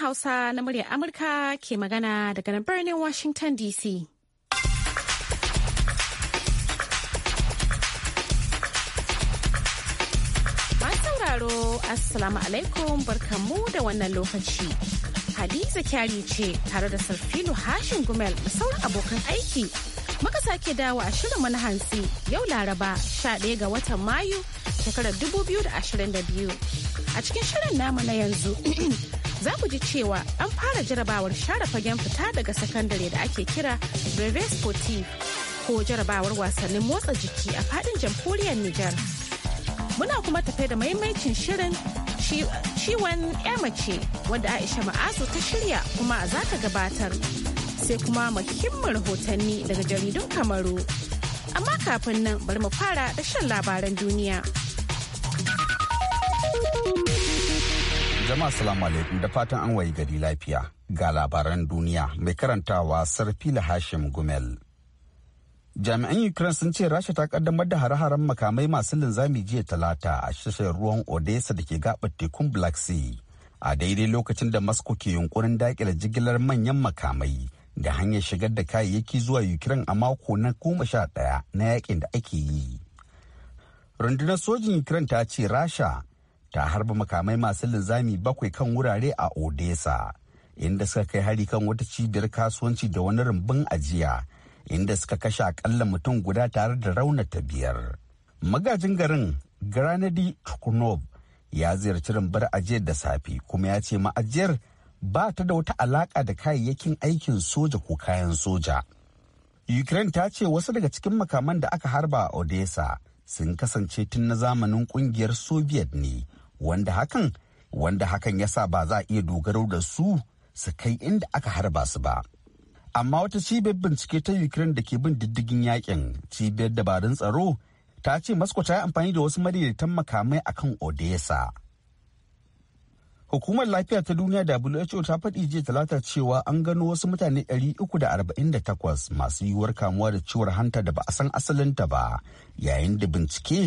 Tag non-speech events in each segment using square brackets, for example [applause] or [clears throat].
Hausa na muryar Amurka ke magana daga nan birnin Washington DC. sauraro Assalamu alaikum barkanmu da wannan lokaci. Hadiza kyari ce tare da Sarfilu Hashin Gumel da sauran abokan aiki. Muka sake dawo a shirin na hansi yau Laraba 11 ga watan Mayu shekarar 2022. A cikin shirin namu na yanzu [clears throat] za ku ji cewa an fara jarabawar share fagen fita daga sakandare da ake kira brevet sportif ko jarabawar wasannin motsa jiki a fadin jamhuriyar niger. Muna kuma tafe da maimaicin shirin ciwon mace wadda Aisha Ma'azu ta shirya kuma za ta gabatar. Sai kuma muhimmin rahotanni daga jaridun Kamaru. Amma kafin nan bari mu fara da shan labaran duniya. Jama'a salamu alaikum da fatan an wayi gari lafiya ga labaran duniya mai karantawa Sarfila Hashim Gumel. Jami'an Ukraine sun ce Rasha ta kaddamar da hare-haren makamai masu linzami jiya talata a shashar ruwan Odessa da ke gabar tekun Black Sea. A daidai lokacin da Moscow ke yunkurin dakile jigilar manyan makamai da hanyar shigar da kayayyaki zuwa Ukraine a mako na goma sha ɗaya na yakin da ake yi. rundunar sojin ukraine ta ce rasha ta harba makamai masu linzami bakwai kan wurare a odessa inda suka kai hari kan wata cibiyar kasuwanci da wani rumbun ajiya inda suka kashe akalla mutum guda tare da rauna ta biyar magajin garin granadi tukunov ya ziyarci rumbar ajiyar da safe kuma ya ce ma'ajiyar ba ta da wata alaka da kayayyakin aikin soja ko kayan soja ukraine ta ce wasu daga cikin makaman da aka harba a odessa sun kasance tun na zamanin kungiyar soviet ne wanda hakan wanda hakan ya sa ba za a iya dogaro da su su kai inda aka harba su ba. Amma wata cibiyar bincike ta Ukraine da ke bin diddigin yakin cibiyar dabarun tsaro ta ce Moscow ta yi amfani da wasu madaidaitan makamai akan Odessa. Hukumar lafiya ta duniya da WHO ta faɗi jiya talata cewa an gano wasu mutane 348 masu yiwuwar kamuwa da ciwon hanta da ba a san asalinta ba yayin da bincike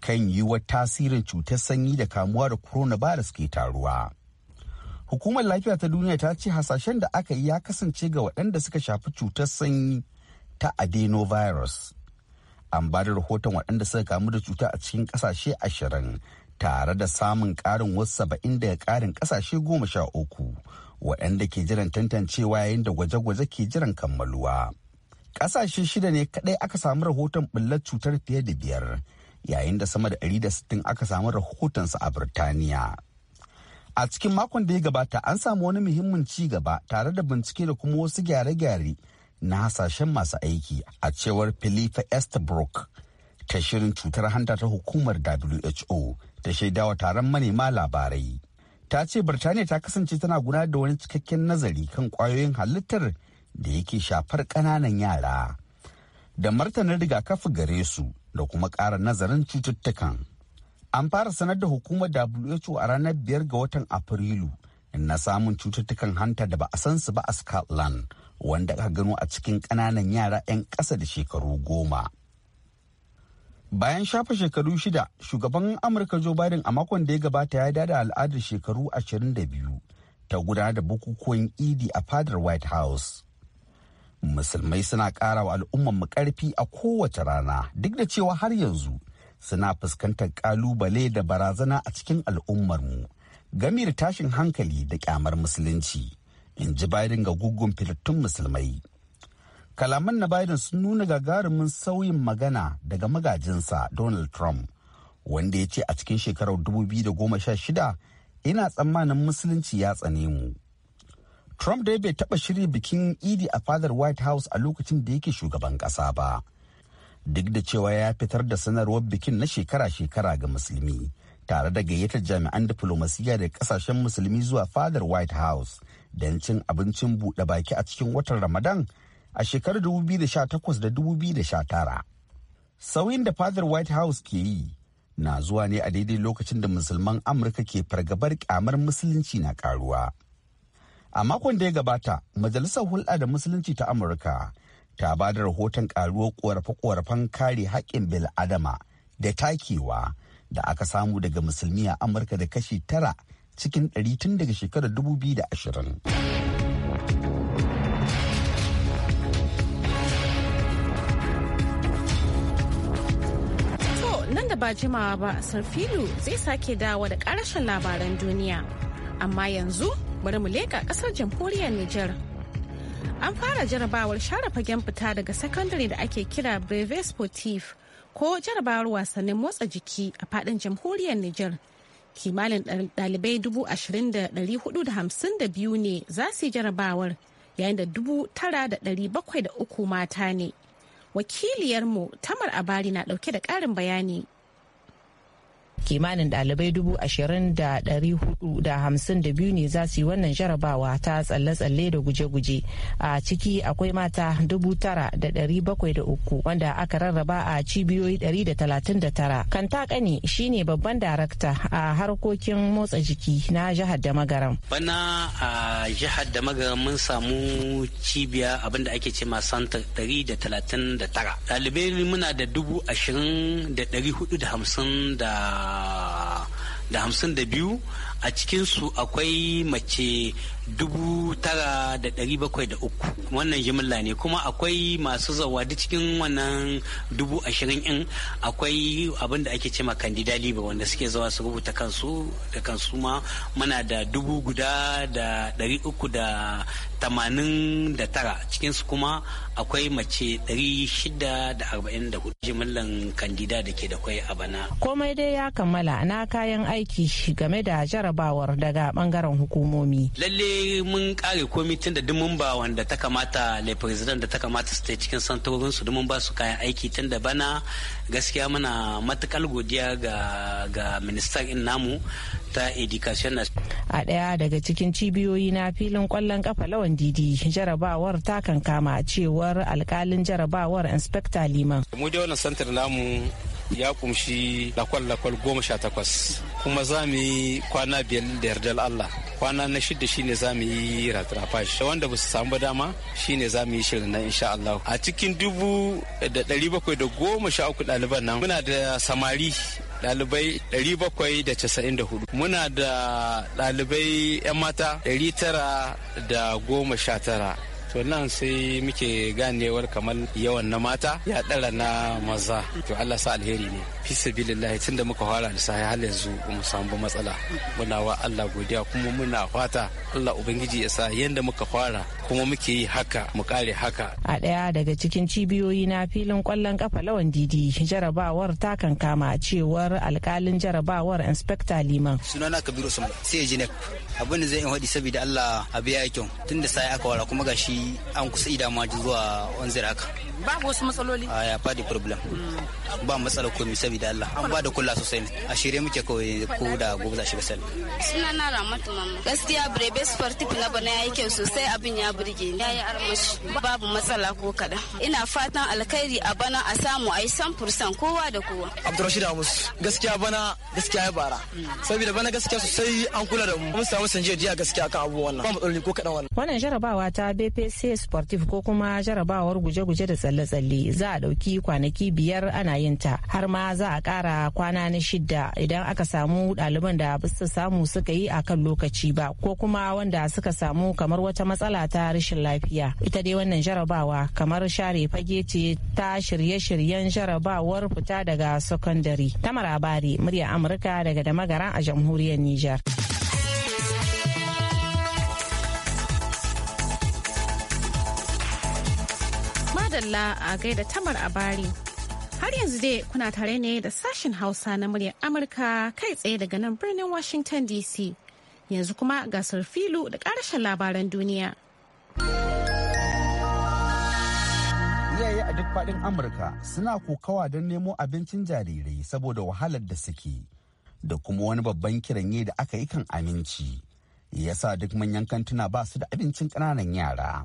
kan yiwuwar tasirin cutar sanyi da kamuwa da coronavirus ke taruwa. Hukumar lafiya ta duniya ta ce hasashen da aka yi ya kasance ga waɗanda suka shafi cutar sanyi ta adenovirus. An ba da rahoton waɗanda suka kamu da cuta a cikin ƙasashe ashirin tare da samun ƙarin wasu saba'in daga ƙarin ƙasashe goma sha uku waɗanda ke jiran tantancewa yayin da gwaje-gwaje ke jiran kammaluwa. Ƙasashe shida ne kaɗai aka samu rahoton ɓullar cutar fiye da biyar. yayin da sama da 160 aka samu rahotonsa a Birtaniya. A cikin makon da ya gabata an samu wani muhimmin ci gaba tare da bincike da kuma wasu gyare-gyare na hasashen masu aiki a cewar Philippa Estabrook ta shirin cutar hanta ta hukumar WHO ta shaidawa taron manema labarai. Ta ce Birtaniya ta kasance tana gudanar da wani cikakken nazari kan kwayoyin halittar da yake shafar ƙananan yara. Da martanin rigakafi gare su da kuma ƙara nazarin cututtukan. An fara sanar da hukumar WHO a ranar biyar ga watan Afrilu na samun cututtukan hanta da ba a san su ba a Scotland wanda aka gano a cikin ƙananan yara 'yan ƙasa da shekaru goma. Bayan shafa shekaru shida, shugaban Amurka Joe Biden a makon da ya gabata ya dada al'adar shekaru 22 ta gudanar da bukukuwan idi a fadar White House. musulmai suna ƙara wa al'ummanmu ƙarfi a kowace rana duk da cewa har yanzu suna fuskantar ƙalubale da barazana a cikin al'ummarmu gami da tashin hankali da ƙyamar musulunci in ji biden ga gugun filittun musulmai kalaman na biden sun nuna gagarumin sauyin magana daga magajinsa donald trump wanda ya ce a cikin shekarar 2016 ina tsammanin musulunci ya tsane mu Trump dai bai taɓa shirya bikin Idi a fadar White House a lokacin da yake shugaban ƙasa ba. Duk da cewa ya fitar da sanarwar bikin na shekara-shekara ga musulmi, tare da gayyatar jami'an diflomasiyya da ƙasashen musulmi zuwa fadar White House don cin abincin buɗe baki a cikin watan Ramadan a shekarar 2018 da 2019. Sauyin da fadar White House ke yi na zuwa ne a daidai lokacin da musulman Amurka ke fargabar kyamar musulunci na karuwa. A makon da ya gabata, Majalisar Hulɗa da Musulunci ta Amurka ta ba da rahoton ƙaruwar ƙorafe-ƙorafen kare haƙƙin bil'adama da takewa da aka samu daga musulmi a Amurka da kashi tara cikin ɗari tun daga shekarar to nan da ba jimawa ba sarfilu zai sake dawo da ƙarashin labaran duniya Amma yanzu bari mu leƙa ƙasar jamhuriyar Nijar. An fara jarabawar share fagen fita daga sakandare da ake kira Breve Sportif ko jarabawar wasannin motsa jiki a fadin jamhuriyar Nijar. Kimanin dalibai dubu ashirin da da dari hudu hamsin da biyu ne za su yi jarabawar yayin da dubu tara da da dari bakwai uku mata ne. Wakiliyarmu Tamar Abari na dauke da ƙarin bayani. kimanin ɗalibai dubu ashirin da ɗari hudu da hamsin da biyu ne za su yi wannan jarabawa ta tsalle-tsalle da guje-guje a ciki akwai mata dubu tara da ɗari bakwai da uku wanda aka rarraba a cibiyoyi ɗari da talatin da tara kanta kani shine babban darakta a harkokin motsa jiki na jihar da magaram bana a jihar da magaram mun samu cibiya abinda ake ce santa ɗari da talatin da tara ɗalibai muna da dubu ashirin da ɗari hudu da hamsin da da hamsin da biyu a cikinsu akwai mace dubu tara da ɗari bakwai da uku wannan jimilla ne kuma akwai masu zawadi cikin wannan dubu ashirin in akwai abin da ake ce ma kandida liba wanda suke zawa su rubuta kansu da kansu ma muna da dubu guda da ɗari uku da tamanin da tara cikinsu kuma akwai mace ɗari shida da arba'in da hudu jimillan kandida da ke da kwai a bana komai dai ya kammala na kayan aiki game da jarabar. jarrabawar daga bangaren hukumomi. Lalle mun kare tun da dumun ba wanda ta kamata le president da ta kamata su cikin santorin su dumun ba su kayan aiki tun da bana gaskiya muna matukar godiya ga ga minister in namu ta education a daya daga cikin cibiyoyi na filin kwallon kafa lawan didi jarabawar ta kankama cewar alkalin jarabawar inspector liman mu da wannan santar namu ya kumshi lakwal-lakwal goma sha takwas kuma za mu yi kwana biyar da yardar Allah kwana na shida shine za mu yi Da wanda ba su samu dama shine za mu yi shirin na insha Allah a cikin dubu da ɗari bakwai da goma sha uku ɗaliban nan muna da samari ɗalibai bakwai da da casa'in hudu muna da ɗalibai 'yan mata ɗari tara da goma sha tara. to nan sai muke ganewar kamar yawan na mata ya dara na maza to Allah sa alheri ne fi sabilillahi tun da muka fara lissafi har yanzu ba mu samu matsala muna wa Allah godiya kuma muna fata Allah ubangiji ya sa yanda muka fara kuma muke yi haka mu kare haka a ɗaya daga cikin cibiyoyi na filin kwallon kafa lawan didi jarabawar ta kankama cewar alkalin jarabawar inspector liman sunana kabiru sun sai jinek abin da zai in waɗi saboda Allah ya yi kyau tun da sai aka wara kuma gashi an kusa ida ma zuwa wanzir haka babu wasu matsaloli a ah, ya fadi problem hmm. ba matsala komi saboda Allah an ba da kula sosai ne. a shirye muke kawai ko da gobe za shiga sal suna na ramatu mama gaskiya brebe sportif na bana yayi kyau sosai abin ya burge ni yayi armashi babu matsala ko kada ina fatan alkhairi a bana a samu ai fursan kowa da kowa Abdurrashid Amus. gaskiya bana gaskiya ya bara hmm. saboda bana gaskiya sosai an kula da mu mun samu jiya gaskiya kan abubuwan nan ba matsaloli ko kada wannan wannan jarabawa ta bps. essay sportive ko kuma jarabawar guje-guje da tsalle-tsalle za a ɗauki kwanaki biyar ana yin ta har ma za a kara kwana na shida idan aka samu ɗaliban da ba samu suka yi a kan lokaci ba ko kuma wanda suka samu kamar wata matsala ta rashin lafiya ita dai wannan jarabawa kamar share fage ce ta shirye-shiryen jarabawar fita daga sakandare tamara bari murya amurka daga da a jamhuriyar niger madalla a gaida tamar a bari. Har yanzu dai kuna tare ne da sashen Hausa na muryar Amurka kai tsaye daga nan birnin Washington DC. Yanzu kuma gasar filu da ƙarshen labaran duniya. Iyaye a duk faɗin Amurka suna kokawa don nemo abincin jarirai saboda wahalar da suke da kuma wani babban kiranye da aka yi kan aminci. ya sa duk manyan kantuna ba su da abincin ƙananan yara.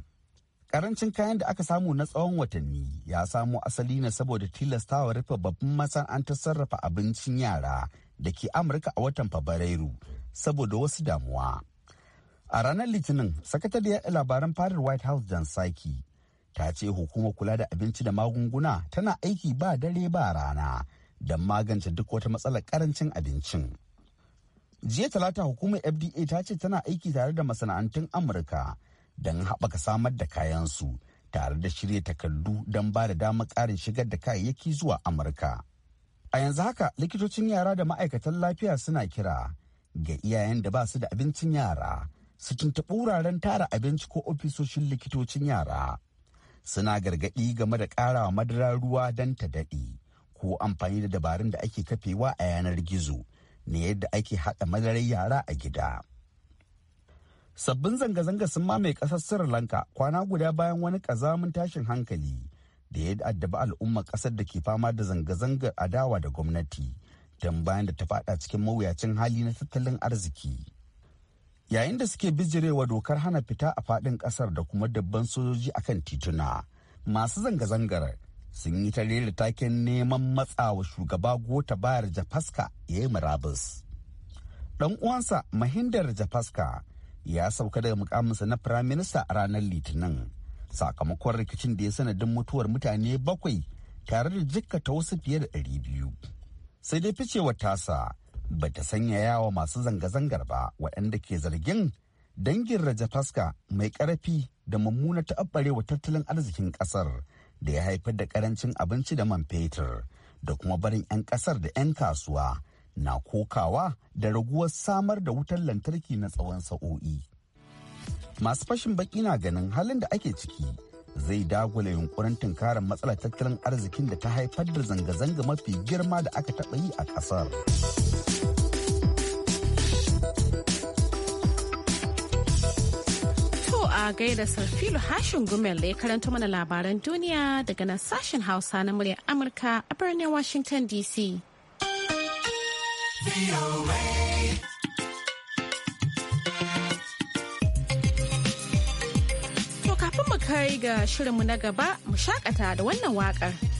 Karancin kayan da aka samu na tsawon watanni ya samo asali ne saboda tilastawa rufe babban masana'antar sarrafa abincin yara da ke Amurka a watan Fabrairu saboda wasu damuwa. A ranar Litinin, sakatariyar labaran fadar White House Jan Saki ta ce hukumar kula da abinci da magunguna tana aiki ba dare ba rana don magance duk wata matsalar karancin abincin. Jiya talata hukumar FDA ta ce tana aiki tare da masana'antun Amurka don haɓaka samar da kayansu tare da shirya takardu don ba da damar ƙarin shigar da kayayyaki zuwa amurka a yanzu haka likitocin yara da ma'aikatan lafiya suna kira ga iyayen da ba su da abincin yara su tuntuɓi wuraren tara abinci ko ofisoshin likitocin yara suna gargaɗi game da ƙarawa madara ruwa don ta daɗe ko amfani da dabarun da ake kafewa a yanar gizo ne yadda ake haɗa madarar yara a gida. sabbin zanga-zanga sun mamaye ƙasar sri lanka kwana guda bayan wani ƙazamin tashin hankali da ya addaba al'ummar ƙasar da ke fama da zanga-zangar adawa da gwamnati don bayan da ta fada cikin mawuyacin hali na tattalin arziki yayin da suke bijirewa dokar hana fita a faɗin ƙasar da kuma dabban sojoji akan tituna masu zanga-zangar sun yi ta rera taken neman matsawa shugaba gota bayar jafaska ya yi murabus ɗan uwansa mahindar jafaska ya sauka daga mukaminsa na firayim minista a ranar litinin sakamakon rikicin da ya sanadin mutuwar mutane bakwai tare da ta wasu fiye da ɗari biyu sai dai ficewar tasa ba ta sanya yawa masu zanga-zangar ba waɗanda ke zargin dangin rajafaska mai ƙarfi da mummuna abarewa tattalin arzikin ƙasar da ya haifar da ƙarancin abinci da man fetur da kuma barin 'yan ƙasar da 'yan kasuwa na kokawa da raguwar samar da wutar lantarki na tsawon sa'o'i. Masu fashin baki na ganin halin da ake ciki zai dagula yunkurin tunkarar matsalar tattalin arzikin da ta haifar da zanga-zanga mafi girma da aka taɓa yi a ƙasar. a gaida sarfilu hashin gumel da ya karanta mana labaran duniya daga nan sashen hausa na muryar amurka a birnin washington dc To kafin mu kai ga shirinmu na gaba mu shakata da wannan waƙar.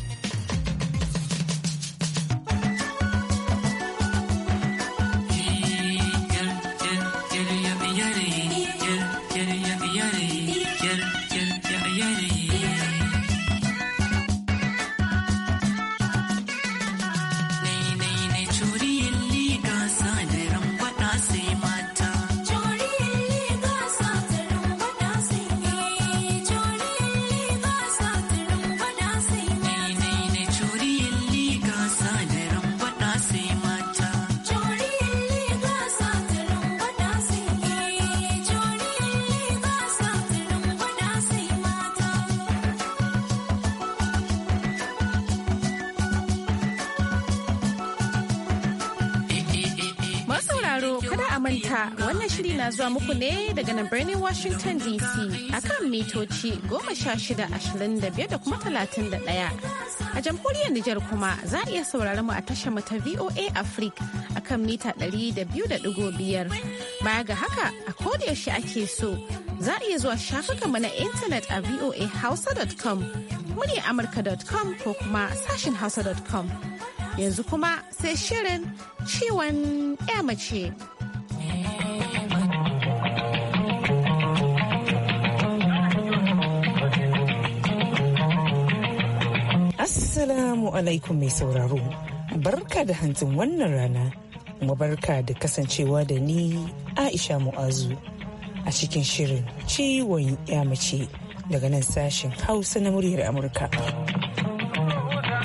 kada a manta wannan shiri na zuwa muku ne daga nan birnin Washington DC akan mitoci goma sha shida ashirin da kuma talatin da ɗaya. A jamhuriyar Nijar kuma za a iya saurari mu a tashar mu ta VOA Africa akan mita ɗari da biyu da Baya ga haka a koda yaushe ake so za a iya zuwa shafukanmu na intanet a voahausa.com, muryar amurka.com ko kuma sashin hausa.com. yanzu kuma sai shirin ciwon mace. Assalamu alaikum mai sauraro, barka da hantin wannan rana, kuma barka da kasancewa da ni Aisha Mu'azu a cikin shirin ciwon mace daga nan sashen Hausa na muryar Amurka.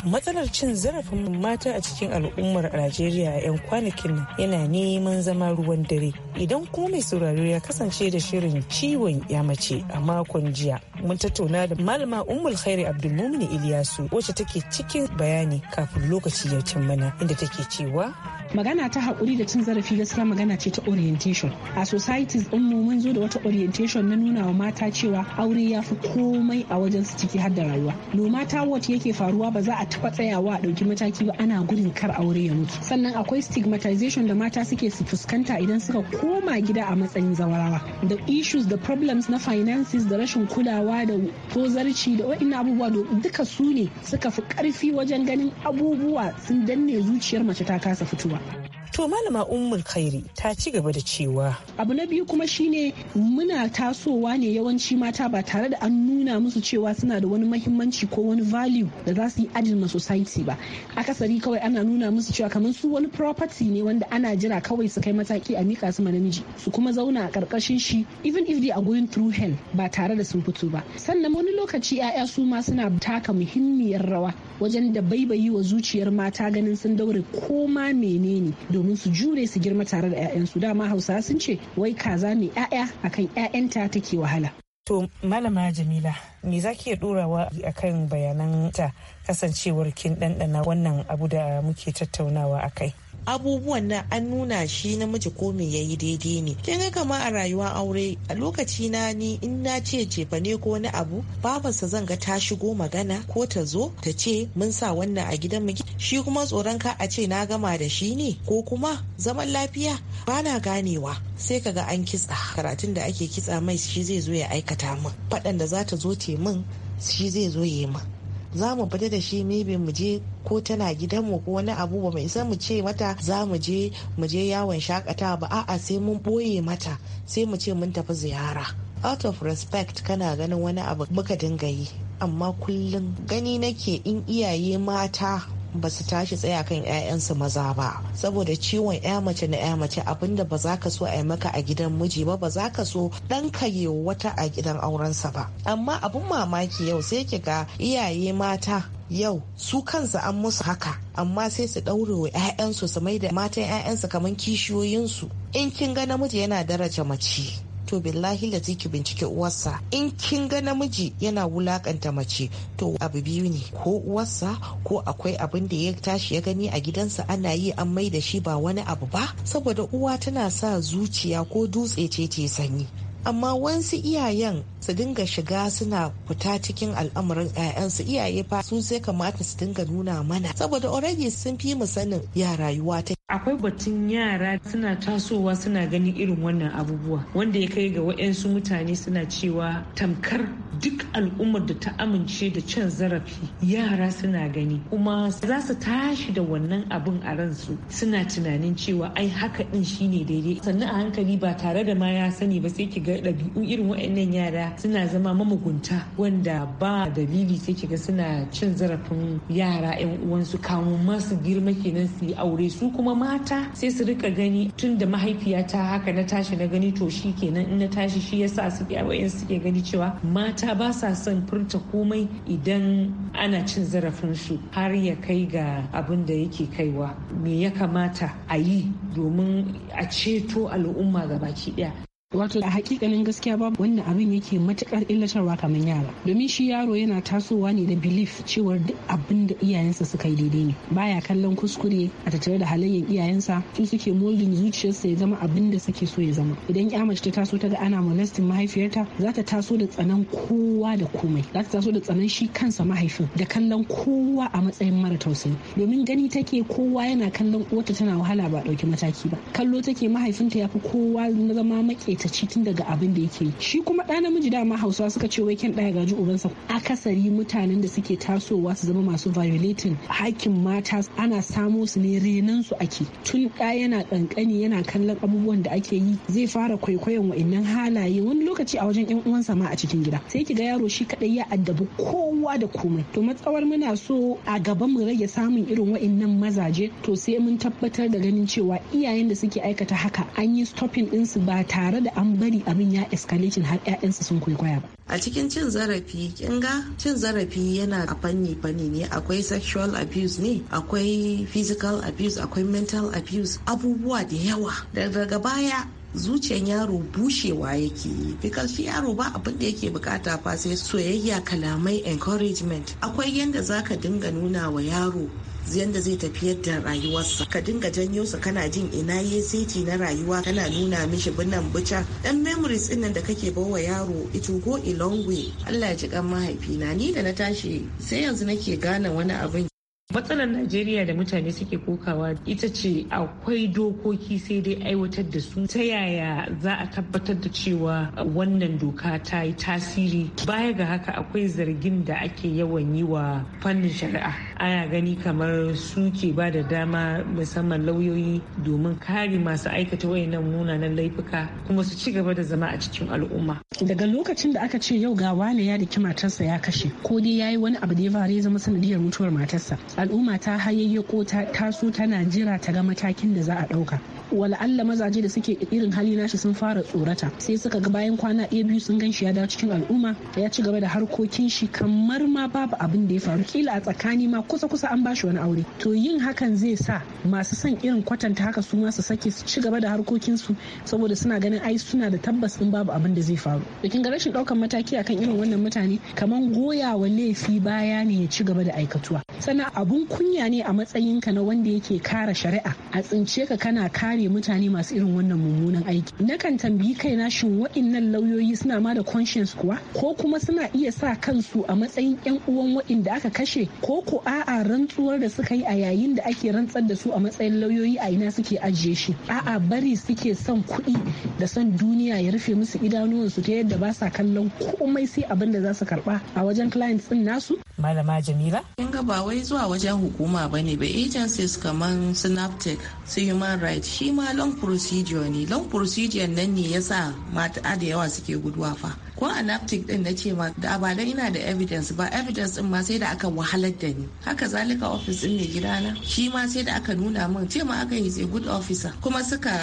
matsalar cin zarafin mata a cikin al'ummar najeriya a 'yan kwanakin nan yana neman zama ruwan dare idan kuma mai sauraro ya kasance da shirin ciwon ya mace a makon jiya mun tattauna da malama ummul khairi abdulmumin iliyasu wacce take cikin bayani kafin lokaci ya cin mana inda take cewa magana ta hakuri da cin zarafi gaskiya magana ce ta orientation a societies din mu mun zo da wata orientation na nuna wa mata cewa aure ya fi komai a wajen su ciki har da rayuwa no mata what yake faruwa ba za a taɓa tsayawa a ɗauki mataki ba ana gudun kar aure ya mutu sannan akwai stigmatization da mata suke su fuskanta idan suka koma gida a matsayin zawarawa da issues da problems na finances da rashin kulawa da tozarci da wa'in abubuwa duka su ne suka fi karfi wajen ganin abubuwa sun danne zuciyar mace ta kasa fitowa Thank you. To malama Ummul Khairi ta ci gaba da cewa. Abu na biyu kuma shine muna tasowa ne yawanci mata ba tare da an nuna musu cewa suna da wani mahimmanci ko wani value da za su yi adil ma society ba. Akasari kawai ana nuna musu cewa kamar su wani property ne wanda ana jira kawai su kai mataki a mika su namiji su kuma zauna a karkashin shi even if they are going through hell ba tare da sun fito ba. Sannan wani lokaci 'ya'ya su ma suna taka muhimmiyar rawa wajen da baibayi wa zuciyar mata ganin sun daure koma menene domin su jure su girma tare da 'ya'yansu dama hausa sun ce wai kaza mai 'ya'ya akan 'ya'yanta take wahala To Malama Jamila, me za ki iya ɗorawa a kan bayanan ta kasancewar kin ɗanɗana wannan abu da muke tattaunawa a kai? abubuwan nan an nuna shi namiji ko me yayi daidai ne kin ga kama a rayuwar aure a lokaci na ni in na ce jefa ne ko wani abu babarsa zan ga ta shigo magana ko ta zo ta ce mun sa wannan a gidan mu shi kuma tsoron ka a ce na gama da shi ne ko kuma zaman lafiya bana ganewa sai ka ga an kitsa karatun da ake kitsa mai shi zai zo ya aikata min faɗan da za ta zo ce min shi zai zo ya yi min za mu fita da shi maybe mu je ko tana gidan mu ko wani abu ba mai san mu ce mata za mu je mu je yawon shakatawa ba a'a sai mun boye mata sai mu ce mun tafi ziyara out of respect kana ganin wani abu muka dinga yi amma kullum gani nake in iyaye mata ba su tashi tsaya kan 'ya'yansu maza ba saboda ciwon 'ya mace na 'ya mace abinda ba za ka so a yi maka a gidan miji ba ba za ka so dan ka yi wata a gidan aurensa ba amma abun mamaki yau sai ki ga iyaye mata yau su kansu an musu haka amma sai su ɗaure wa 'ya'yansu su mai da matan 'ya'yansu kamar kishiyoyinsu in kin ga namiji yana daraja mace to billahi la ki bincike uwarsa in kin ga namiji yana wulakanta mace to abu biyu ne ko uwarsa ko akwai abin da ya tashi ya gani a gidansa ana yi an mai da shi ba wani abu ba saboda uwa tana sa zuciya ko dutse ce ce sanyi amma wansu iyayen su dinga shiga suna fita cikin al'amarin 'ya'yansu iyaye fa Sun sai kamata su dinga nuna mana saboda already sun fi mu sanin ya rayuwa ta akwai batun yara suna tasowa suna ganin irin wannan abubuwa wanda ya kai ga wayansu mutane suna cewa tamkar duk al'ummar da ta amince da cin zarafi yara suna gani kuma za su tashi da wannan abin a ransu suna tunanin cewa ai haka din shine daidai sannan a hankali ba tare da ma ya sani ba sai ki ga ɗabi'u irin wayannan yara suna zama mamugunta wanda ba dalili sai ki ga suna cin zarafin yara 'yan uwansu kamun masu girma kenan su yi aure su kuma mata sai su rika gani tun da mahaifiyata haka na tashi na gani to shi kenan in na tashi shi yasa su wayan suke gani cewa mata ba sa son furta komai idan ana cin zarafin su har ya kai ga abin da yake kaiwa me ya kamata a yi domin a ceto al'umma ga baki ɗaya. wato a hakikanin gaskiya babu wannan abin yake matukar illatarwa kamar yara domin shi yaro yana tasowa ne da belief cewar duk abin da iyayensa suka yi daidai ne baya kallon kuskure a tattare da halayyar iyayensa su suke molding zuciyarsa ya zama abin da suke so ya zama idan ya mace ta taso ta ga ana molesting mahaifiyarta za ta taso da tsanan kowa da komai za ta taso da tsanan shi kansa mahaifin da kallon kowa a matsayin mara tausayi domin gani take kowa yana kallon uwarta tana wahala ba dauki mataki ba kallo take mahaifinta ya fi kowa na zama make fitacci tun daga abin da yake shi kuma ɗa namiji dama hausawa suka ce wai kyan ɗaya gaji ubansa akasari mutanen da suke tasowa su zama masu violating hakkin mata ana samo su ne renan su ake tun ɗa yana kankani yana kallon abubuwan da ake yi zai fara kwaikwayon wa'annan halaye wani lokaci a wajen yan uwansa ma a cikin gida sai ki ga yaro shi kaɗai ya addabi kowa da komai to matsawar muna so a gaba mu rage samun irin wa'annan mazaje to sai mun tabbatar da ganin cewa iyayen da suke aikata haka an yi stopping su ba tare da da an bari abin ya escalation har 'ya'yansu sun kwaikwaya ba. A cikin cin zarafi ƙinga cin zarafi yana a fanni fanni ne akwai sexual abuse ne akwai physical abuse akwai mental abuse abubuwa da yawa daga baya zuciyan yaro bushewa yake yi shi yaro ba abin da yake bukata fa sai soyayya kalamai encouragement akwai yanda zaka dinga nuna wa yaro yadda zai tafi yadda rayuwarsa ka dinga janyo su kana jin ina ya seti na rayuwa kana nuna mishi binan bica dan memories din nan da kake bawa yaro ito go a Allah ya ji kan mahaifina ni da na tashi sai yanzu nake gane wani abin matsalar najeriya da mutane suke kokawa ita ce akwai dokoki sai dai aiwatar da su ta yaya za a tabbatar da cewa wannan doka ta yi tasiri baya ga haka akwai zargin da ake yawan yi wa fannin shari'a ana gani kamar su ke ba da dama musamman lauyoyi domin kare masu aikata wayannan munanan laifuka kuma su ci gaba da zama a cikin al'umma daga lokacin da aka ce yau ga wane ya daki matarsa ya kashe ko dai ya yi wani abu da ya faru ya zama sanadiyar mutuwar matarsa al'umma ta hayayyako ta taso tana jira ta ga matakin da za a ɗauka wala'alla mazaje da suke irin hali nashi sun fara tsorata sai suka ga bayan kwana ɗaya biyu sun gan shi ya dawo cikin al'umma ya ci gaba da harkokin shi kamar ma babu abin da ya faru kila a tsakani ma kusa kusa an bashi wani aure to yin hakan zai sa masu son irin kwatanta haka su su sake su ci gaba da harkokinsu saboda suna ganin ai suna da tabbas in babu abin da zai faru dakin ga rashin daukan mataki akan irin wannan mutane kaman wa laifi baya ne ya ci gaba da aikatuwa sannan abun kunya ne a matsayinka na wanda yake kare shari'a a tsince ka kana kare mutane masu irin wannan mummunan aiki nakan tambayi kaina shin wa'innan lauyoyi suna ma da conscience kuwa ko kuma suna iya sa kansu a matsayin yan uwan wa'inda aka kashe ko ko a a'a rantsuwar da suka yi a yayin da ake rantsar da su a matsayin lauyoyi a ina suke ajiye shi a'a bari suke son kuɗi da son duniya ya rufe musu idanuwansu ta yadda ba sa kallon komai sai abin da za su karba a wajen clients din nasu malama jamila kin ga ba wai zuwa wajen hukuma bane ba agencies kaman synaptic su human rights shi ma long procedure ne long procedure nan ne yasa mata da yawa suke guduwa fa ko naptic din na ce ma da ba ina da evidence ba evidence din ma sai da aka wahalar da ni haka zalika ofis din gida gidana shi ma sai da aka nuna min ce ma aka yi a good officer kuma suka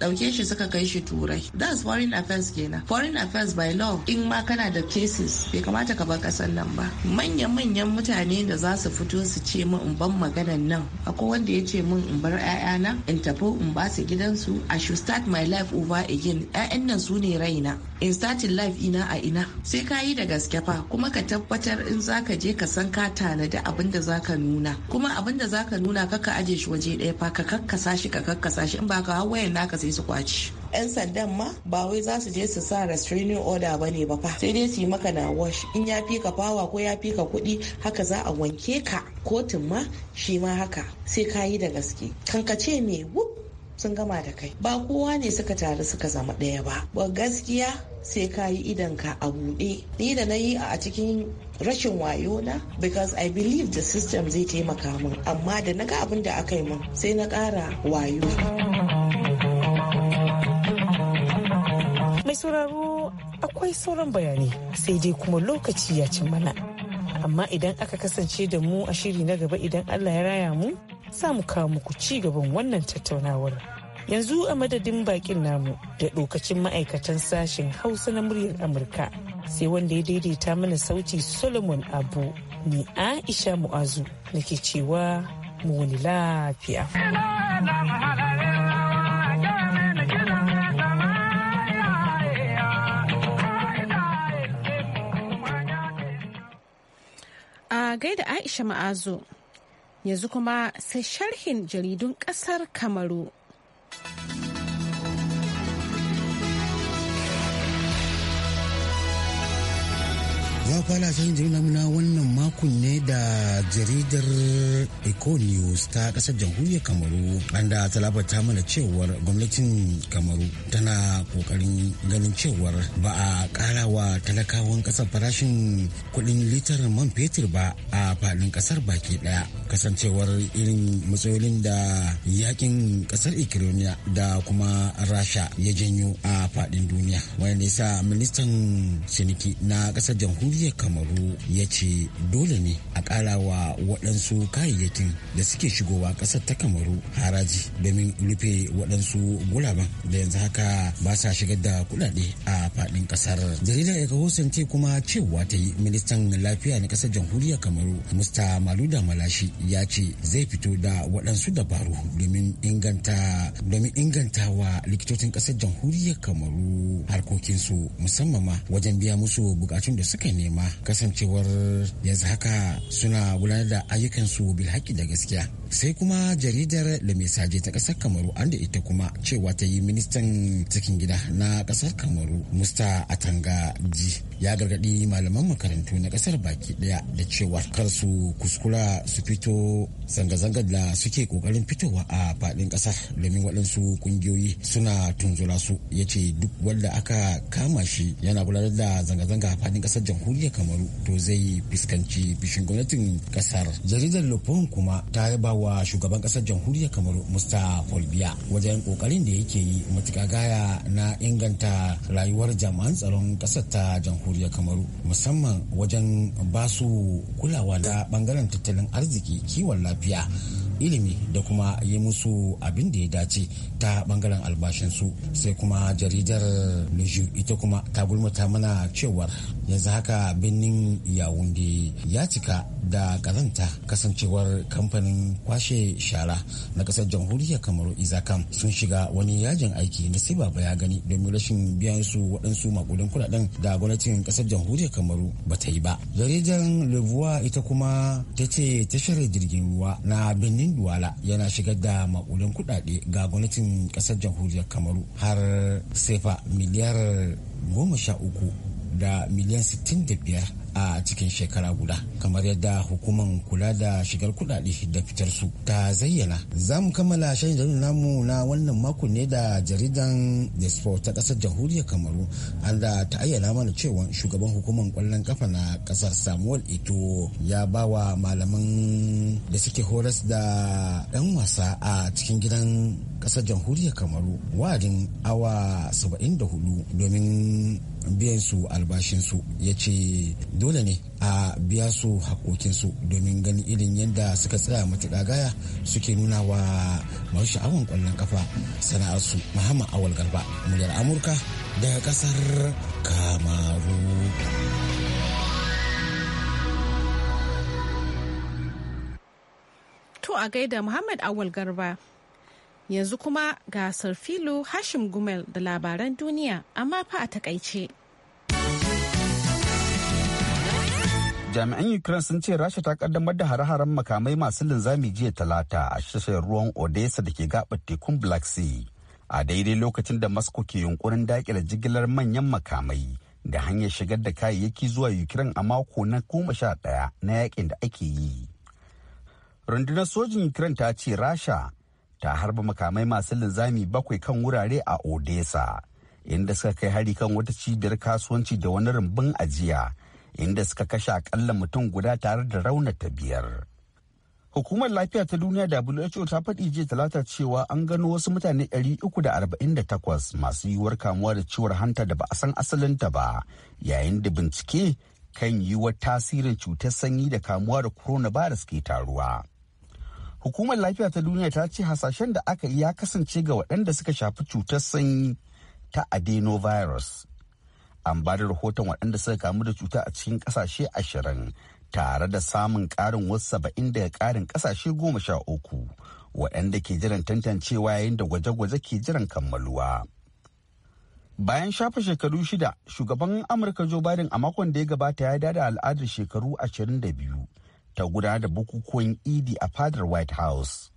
dauke shi suka kai shi turai that's foreign affairs kenan foreign affairs by law in ma kana da cases bai kamata ka bar kasan nan ba manyan manyan mutane da za su fito su ce min in ban maganan nan akwai wanda ya ce min in bar 'ya'yana in tafi in ba su gidansu i should start my life over again 'ya'yan nan su ne raina in starting life ina a ina sai ka yi da gaske fa kuma ka tabbatar in za ka je ka san ka tanadi abin da za ka nuna kuma abin da za ka nuna kaka aje shi waje ɗaya fa ka kakkasa shi ka kakkasa shi in ba ka wayan naka sai su kwaci 'yan sandan ma ba wai za su je su sa restraining order ba ne ba fa sai dai su yi maka na wash in ya fi ka fawa ko ya fi ka kuɗi haka za a wanke ka kotun ma shi ma haka sai ka yi da gaske kankace me wup sun gama da kai ba kowa ne suka taru suka zama ɗaya ba ba gaskiya sai ka yi ka a buɗe ni da na yi a cikin rashin wayo na because i believe the system zai taimaka min amma da na ga abin da aka yi min sai na ƙara wayo mai sauraro akwai sauran bayani sai dai kuma lokaci ya ci mana amma idan aka kasance da mu a shiri na gaba idan allah ya raya mu sa mu kawo muku ci gaban wannan tattaunawar. Yanzu a madadin bakin namu da ɗokacin ma'aikatan sashen Hausa na muryar Amurka sai wanda ya daidaita mana sauti Solomon Abu ni Aisha Mu'azu nake cewa mu wani lafiya. a gaida Aisha Ma'azu. Yanzu kuma sai sharhin jaridun kasar Kamaru. za ku fara namuna wannan makon ne da jaridar eco news ta kasar jamhuriyar kamaru da ta labarta mana cewar gwamnatin kamaru tana kokarin ganin cewar ba a karawa talakawan kasar farashin kudin litar man fetur ba a fadin kasar baki daya kasancewar irin matsayolin da yakin kasar ukraine da kuma rasha ya janyo a fadin duniya wanda yasa ministan ciniki na kasar jamhuriyar jamhuriyar kamaru ya ce dole ne a ƙara wa waɗansu kayayyakin da suke shigowa ƙasar ta kamaru haraji domin rufe waɗansu guraben da yanzu haka ba sa shigar da kuɗaɗe a faɗin ƙasar jaridar eka hosante kuma cewa ta yi ministan lafiya na ƙasar jamhuriyar kamaru musta maluda malashi ya ce zai fito da waɗansu dabaru domin inganta domin inganta wa likitocin ƙasar jamhuriyar kamaru harkokinsu musamman ma wajen biya musu bukatun da suka nema ma kasancewar yanzu haka suna gudanar da ayyukansu bil haƙi da gaskiya sai kuma jaridar da mesaje ta ƙasar kamaru anda ita kuma cewa ta yi ministan cikin gida na ƙasar kamaru musta atanga ji ya gargaɗi malaman makarantu na ƙasar baki ɗaya da cewa kar su kuskura su fito zanga zanga da suke ƙoƙarin fitowa a faɗin ƙasar domin waɗansu ƙungiyoyi suna tunzula su ya ce duk wanda aka kama shi yana gudanar da zanga-zanga a faɗin ƙasar jamhuriyar shige kamaru to zai fuskanci bishin gwamnatin kasar jaridar lupon kuma ta yaba wa shugaban kasar jamhuriyar kamaru musta folbiya wajen kokarin da yake yi matuka gaya na inganta rayuwar jami'an tsaron kasar ta jamhuriyar kamaru musamman wajen basu kulawa da bangaren tattalin arziki kiwon lafiya ilimi da kuma yi musu abin da ya dace ta bangaren albashinsu sai kuma jaridar ita kuma ta gulmata mana cewar yanzu haka birnin yawunde ya cika da kazanta kasancewar kamfanin kwashe shara na kasar jamhuriyar kamaru izakam sun shiga wani yajin aiki na baba ya gani domin rashin biyan su waɗansu makudin kuɗaɗen da gwamnatin kasar jamhuriyar kamaru ba ta yi ba jaridar lebuwa ita kuma ta ce tashar jirgin ruwa na birnin duwala yana shigar da makudin kuɗaɗe ga gwamnatin kasar jamhuriyar kamaru har sefa miliyar goma sha uku da miliyan 65 a cikin shekara guda kamar yadda hukumar kula da shigar kudade da fitar su ta zayyana za mu kammala shan jaridar namu na wannan makon ne da jaridan the sport ta kasar jamhuriyar kamaru an da ta ayyana mana cewa shugaban hukumar kwallon kafa na kasar samuel ito ya ba wa malaman da suke horas da yan wasa a cikin gidan kasar jamhuriyar kamaru wa'adin awa 74 domin biyan su albashinsu ya ce dole ne a biya su hakokinsu domin ganin irin yadda suka tsaya matuƙa gaya suke nuna wa masu sha'awar ƙwallon kafa su muhammad awal garba muryar amurka daga ƙasar kamaru to a gaida muhammad awal garba yanzu kuma ga sarfilo hashim gumel da labaran duniya amma fa a takaice. jami'an ukraine sun ce rasha ta kaddamar da hare-haren makamai masu linzami jiya talata a shashen ruwan odessa da ke gabar tekun black sea a daidai lokacin da moscow ke yunkurin dakile jigilar manyan makamai da hanyar shigar da kayayyaki zuwa ukraine a mako na goma sha ɗaya na yakin da ake yi rundunar sojin ukraine ta ce rasha ta harba makamai masu linzami bakwai kan wurare a odessa inda suka kai hari kan wata cibiyar kasuwanci da wani rumbun ajiya inda suka kashe akalla mutum guda tare da rauna ta biyar. Hukumar lafiya ta duniya WHO ta faɗi jiya talata cewa an gano wasu mutane 348 masu yiwuwar kamuwa da ciwon hanta da ba a san asalinta ba yayin da bincike kan yiwuwar tasirin cutar sanyi da kamuwa da coronavirus ke taruwa. Hukumar lafiya ta duniya ta ce hasashen da aka yi ya kasance ga waɗanda suka shafi cutar sanyi ta adenovirus an ba da rahoton waɗanda suka kamu da cuta a cikin ƙasashe ashirin tare da samun ƙarin wasu saba'in daga ƙarin ƙasashe goma sha uku waɗanda ke jiran tantancewa yayin da gwaje-gwaje ke jiran kammaluwa. Bayan shafa shekaru shida, shugaban Amurka Joe Biden a makon da ya gabata ya dada al'adar shekaru ashirin da biyu ta gudanar da bukukuwan idi a fadar White House.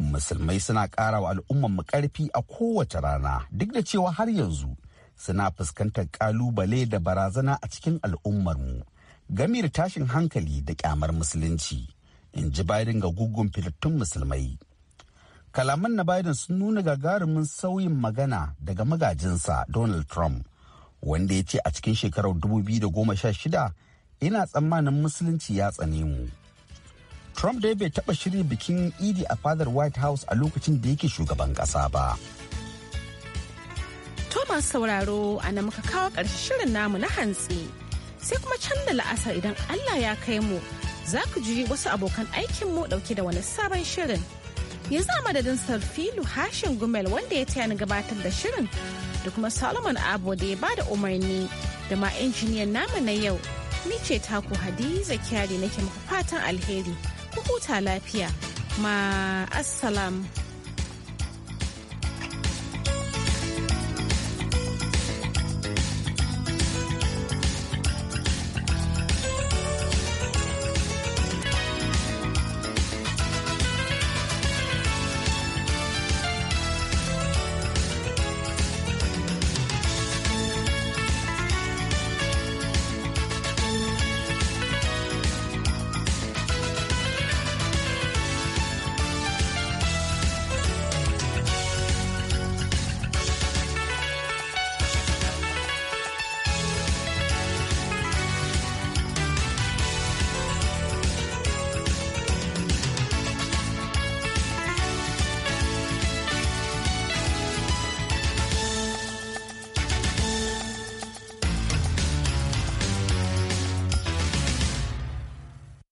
Musulmai suna ƙara wa al'ummanmu ƙarfi a kowace rana duk da cewa har yanzu suna fuskantar kalubale da barazana a cikin al'ummarmu game da tashin hankali da kyamar musulunci in ji biden ga gugun fitattun musulmai kalaman na biden sun nuna gagarumin sauyin magana daga magajinsa donald trump wanda ya ce a cikin shekarar 2016 ina tsammanin musulunci ya tsane mu trump dai bai taba shirya bikin idi a fadar white house a lokacin da yake shugaban kasa ba To masu sauraro a nan muka kawo ƙarshe shirin namu na hantsi. Sai kuma can da la'asar idan Allah ya kai mu za ku ji wasu abokan aikinmu ɗauke da wani sabon shirin. Yanzu a madadin Sarfilu Hashin Gumel wanda ya taya gabatar da shirin da kuma Solomon Abo da ya bada umarni da ma injiniyan namu na yau. Ni ce taku Hadiza Kyari nake muku fatan alheri. Ku huta lafiya. Ma